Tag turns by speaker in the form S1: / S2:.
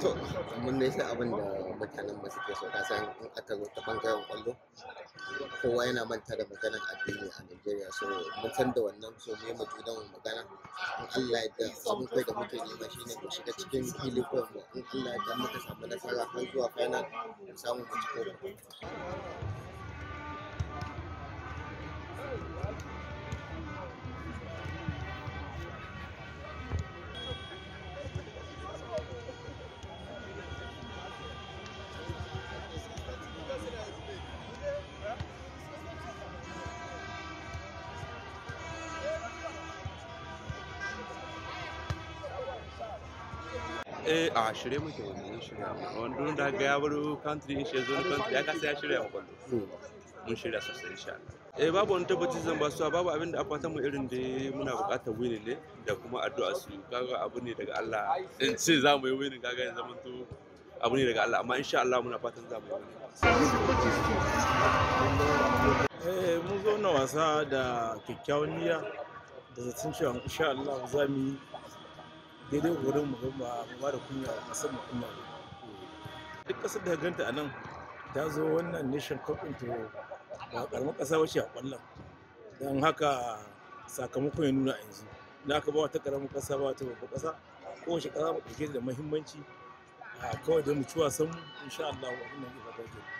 S1: to mun ne shi abin da mutanen mu suke so ka san in aka zo ta bangaren kwallo kowa yana manta da maganar addini a Najeriya so mun san da wannan so ne mu magana in Allah ya samu kai da muke nema ne mu shiga cikin fili ko mu in Allah ya muka samu nasara har zuwa final mu samu mu ci
S2: eh a shirye muke wani mun shirya wanda don da ga ya baro country shi ya zo ni country ya kasa ya shirya wa mun shirya sosai insha Allah eh babu wani tabbaci zan ba su babu abin da a fata mu irin da muna buƙatar wini ne da kuma addu'a su kaga abu ne daga Allah in ce za mu yi wini kaga yanzu mun to abu ne daga Allah amma insha Allah muna fatan za mu yi wini
S3: eh mun zo na wasa da kyakkyawan niyya da zaton cewa insha Allah za mu yi daidai wurin mu ba da kunya musamman mu kunya duk kasar da ganta a nan ta zo wannan nation cup din to ba karamar kasa wace a kwallon don haka sakamakon ya nuna yanzu na aka ba wata karamar kasa ba ta babbar kasa kowace kasa ba ɗauke da muhimmanci kawai da mu ci wasan
S1: insha Allah wannan zai fata